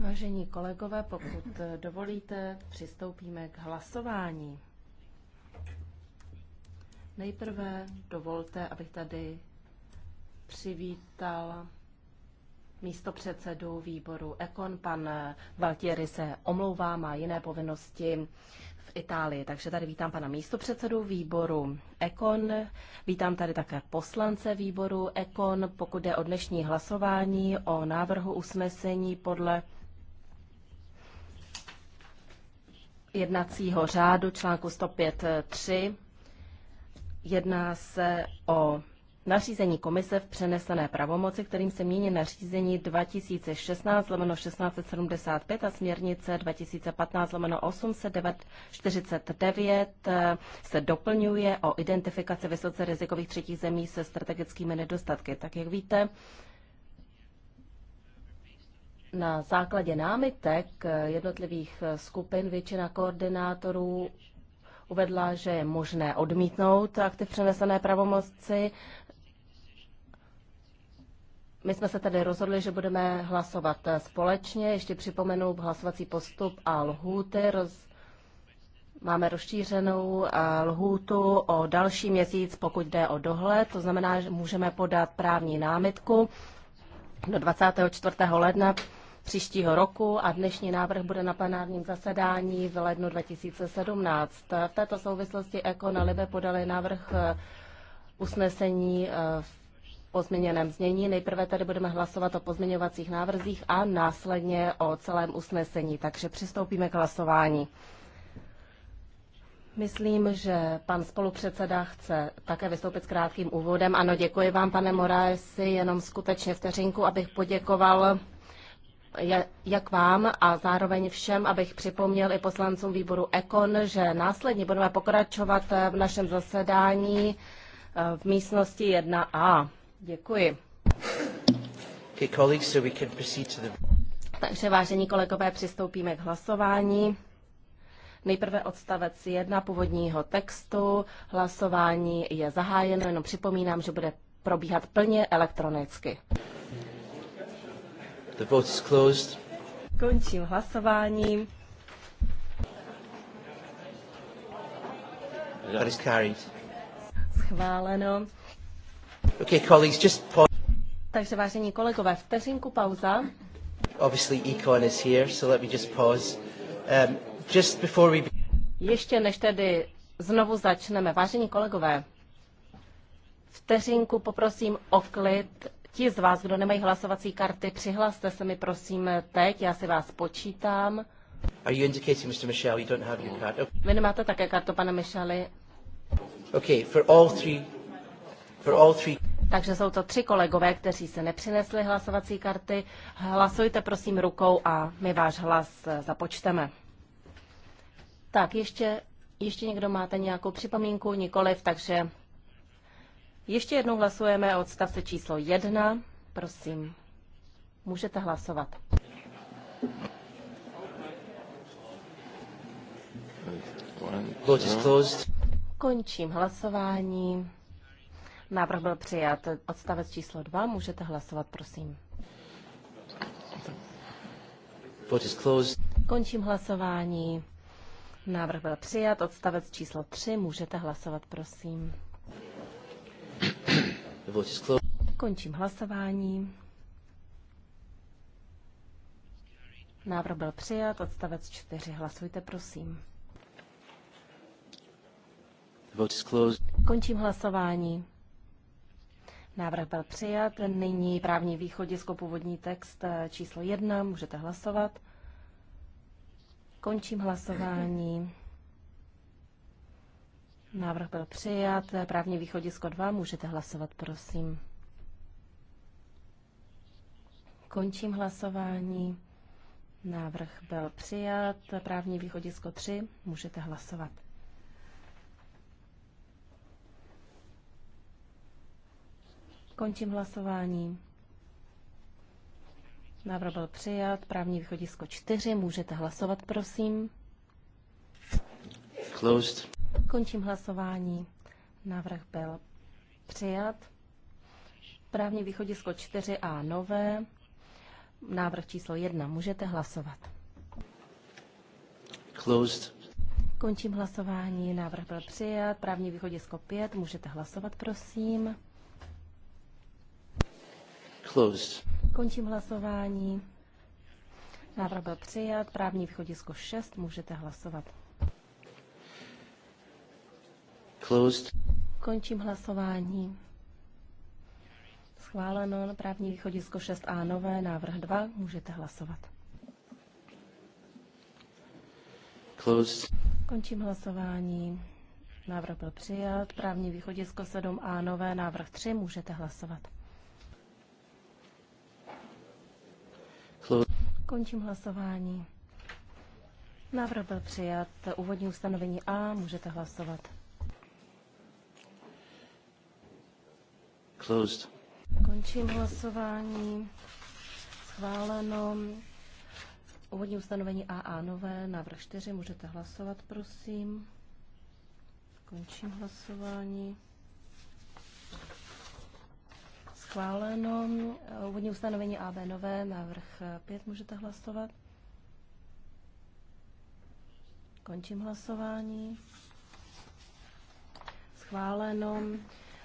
Vážení kolegové, pokud eh, dovolíte, přistoupíme k hlasování. Nejprve dovolte, abych tady přivítal místo předsedu výboru Ekon. Pan Valtieri se omlouvá, má jiné povinnosti v Itálii. Takže tady vítám pana místopředsedu výboru Ekon. Vítám tady také poslance výboru Ekon, pokud jde o dnešní hlasování o návrhu usnesení podle jednacího řádu článku 105.3. Jedná se o nařízení komise v přenesené pravomoci, kterým se mění nařízení 2016 lomeno 1675 a směrnice 2015 lomeno 849 se doplňuje o identifikaci vysoce rizikových třetích zemí se strategickými nedostatky. Tak jak víte, na základě námitek jednotlivých skupin většina koordinátorů uvedla, že je možné odmítnout akty přenesené pravomoci my jsme se tedy rozhodli, že budeme hlasovat společně. Ještě připomenu hlasovací postup a lhůty. Roz... Máme rozšířenou eh, lhůtu o další měsíc, pokud jde o dohled. To znamená, že můžeme podat právní námitku do 24. ledna příštího roku a dnešní návrh bude na plenárním zasedání v lednu 2017. V této souvislosti Eko na Libe podali návrh eh, usnesení eh, v pozměněném znění. Nejprve tady budeme hlasovat o pozměňovacích návrzích a následně o celém usnesení. Takže přistoupíme k hlasování. Myslím, že pan spolupředseda chce také vystoupit s krátkým úvodem. Ano, děkuji vám, pane Moraesi, jenom skutečně vteřinku, abych poděkoval jak vám a zároveň všem, abych připomněl i poslancům výboru EKON, že následně budeme pokračovat v našem zasedání eh, v místnosti 1A. Děkuji. Takže vážení kolegové, přistoupíme k hlasování. Nejprve odstavec 1 původního textu. Hlasování je zahájeno, jenom připomínám, že bude probíhat plně elektronicky. The vote is closed. Končím hlasování. That is carried. Schváleno. Okay, colleagues, just pause. Takže vážení kolegové, vteřinku pauza. Obviously Econ is here, so let me just pause. Um, just before we... Ještě než tedy znovu začneme, vážení kolegové, vteřinku poprosím o klid. Ti z vás, kdo nemají hlasovací karty, přihlaste se mi prosím teď, já si vás počítám. Are you indicating, Mr. Michel, you don't have your card? Okay. Vy nemáte také kartu, pane Micheli. Okay, for all three, for all three. Takže jsou to tři kolegové, kteří se nepřinesli hlasovací karty. Hlasujte prosím rukou a my váš hlas započteme. Tak, ještě, ještě někdo máte nějakou připomínku? Nikoliv, takže ještě jednou hlasujeme o odstavce číslo jedna. Prosím, můžete hlasovat. Končím hlasování. Návrh byl přijat. Odstavec číslo 2. Můžete hlasovat, prosím. Končím hlasování. Návrh byl přijat. Odstavec číslo 3. Můžete hlasovat, prosím. Končím hlasování. Návrh byl přijat. Odstavec 4. Hlasujte, prosím. Končím hlasování. Návrh byl přijat. Nyní právní východisko, původní text eh, číslo jedna, Můžete hlasovat. Končím hlasování. Návrh byl přijat. Právní východisko 2. Můžete hlasovat, prosím. Končím hlasování. Návrh byl přijat. Právní východisko 3. Můžete hlasovat. Končím hlasování. Návrh byl přijat. Právní východisko 4. Můžete hlasovat, prosím. Closed. Končím hlasování. Návrh byl přijat. Právní východisko 4a nové. Návrh číslo 1. Můžete hlasovat. Closed. Končím hlasování. Návrh byl přijat. Právní východisko 5. Můžete hlasovat, prosím. Closed. Končím hlasování. Návrh byl přijat. Právní východisko 6. Můžete hlasovat. Closed. Končím hlasování. Schváleno. Právní východisko 6a nové. Návrh 2. Můžete hlasovat. Closed. Končím hlasování. Návrh byl přijat. Právní východisko 7a nové. Návrh 3. Můžete hlasovat. Končím hlasování. Návrh byl přijat. Úvodní ustanovení A. Můžete hlasovat. Closed. Končím hlasování. Schváleno. Úvodní ustanovení AA nové, návrh 4, můžete hlasovat, prosím. Končím hlasování schváleno. Úvodní ustanovení AB nové, návrh 5 můžete hlasovat. Končím hlasování. Schváleno.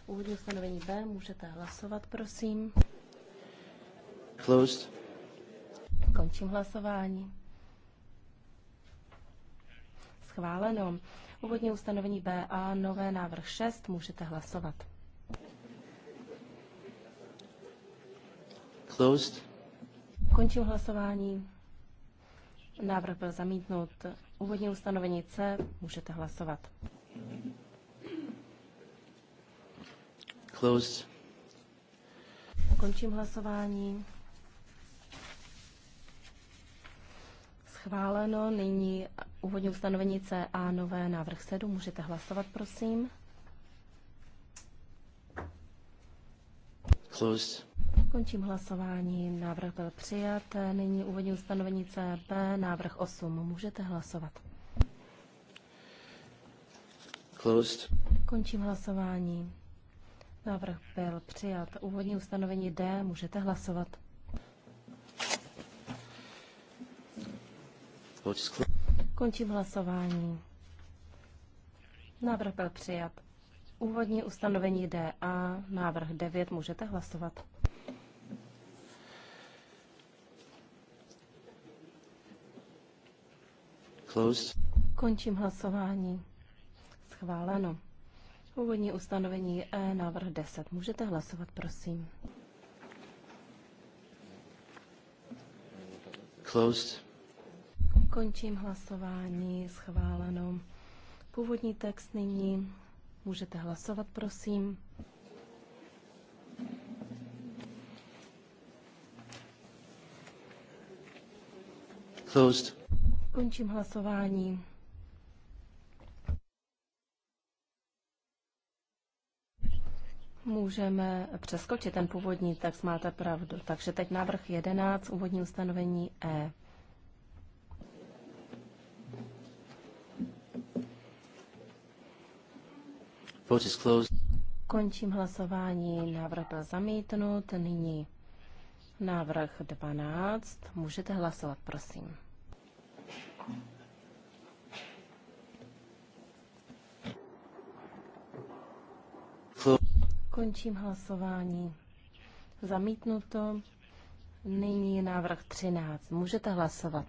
Úvodní ustanovení B můžete hlasovat, prosím. Closed. Končím hlasování. Schváleno. Úvodní ustanovení BA, nové návrh 6, můžete hlasovat. Closed. Končím hlasování. Návrh byl zamítnut. Úvodní ustanovení C. Můžete hlasovat. Closed. Končím hlasování. Schváleno. Nyní úvodní ustanovení C a nové návrh 7. Můžete hlasovat, prosím. Closed. Končím hlasování. Návrh byl přijat. Nyní úvodní ustanovení CP, návrh 8. Můžete hlasovat. Closed. Končím hlasování. Návrh byl přijat. Úvodní ustanovení D. Můžete hlasovat. Končím hlasování. Návrh byl přijat. Úvodní ustanovení d) a návrh 9, můžete hlasovat. Closed. Končím hlasování. Schváleno. Úvodní ustanovení E, návrh 10. Můžete hlasovat, prosím. Closed. Končím hlasování. Schváleno. Původní text nyní. Můžete hlasovat, prosím. Closed. Končím hlasování. Můžeme přeskočit ten původní text, máte pravdu. Takže teď návrh 11, úvodní ustanovení E. Vote is closed. Končím hlasování. Návrh byl zamítnut. Nyní návrh 12. Můžete hlasovat, prosím. Končím hlasování. Zamítnuto. Nyní návrh 13. Můžete hlasovat.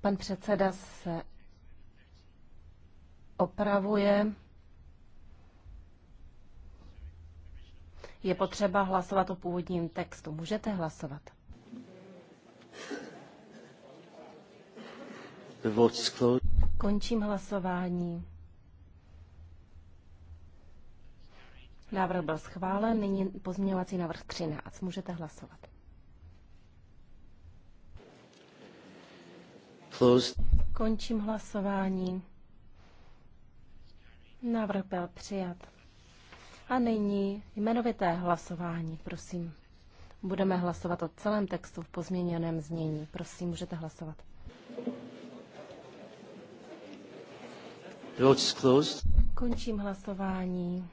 Pan předseda se opravuje. Je potřeba hlasovat o původním textu. Můžete hlasovat. Končím hlasování. Návrh byl schválen, nyní pozměňovací návrh 13. Můžete hlasovat. Closed. Končím hlasování. Návrh byl přijat. A nyní jmenovité hlasování, prosím. Budeme hlasovat o celém textu v pozměněném znění. Prosím, můžete hlasovat. Končím hlasování.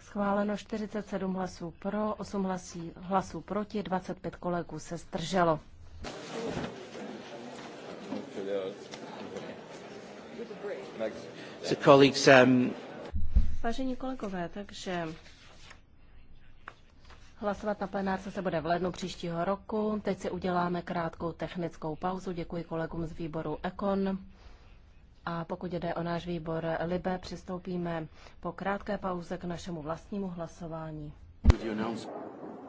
Schváleno 47 hlasů pro, 8 hlasí, hlasů proti, 25 kolegů se zdrželo. Um, Vážení kolegové, takže Hlasovat na plenárce se bude v lednu příštího roku. Teď si uděláme krátkou technickou pauzu. Děkuji kolegům z výboru Ekon. A pokud jde o náš výbor Libe, přistoupíme po krátké pauze k našemu vlastnímu hlasování.